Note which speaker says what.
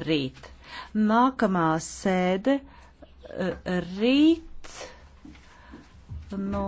Speaker 1: rīt.
Speaker 2: Nākamā sēde eh, rīt. No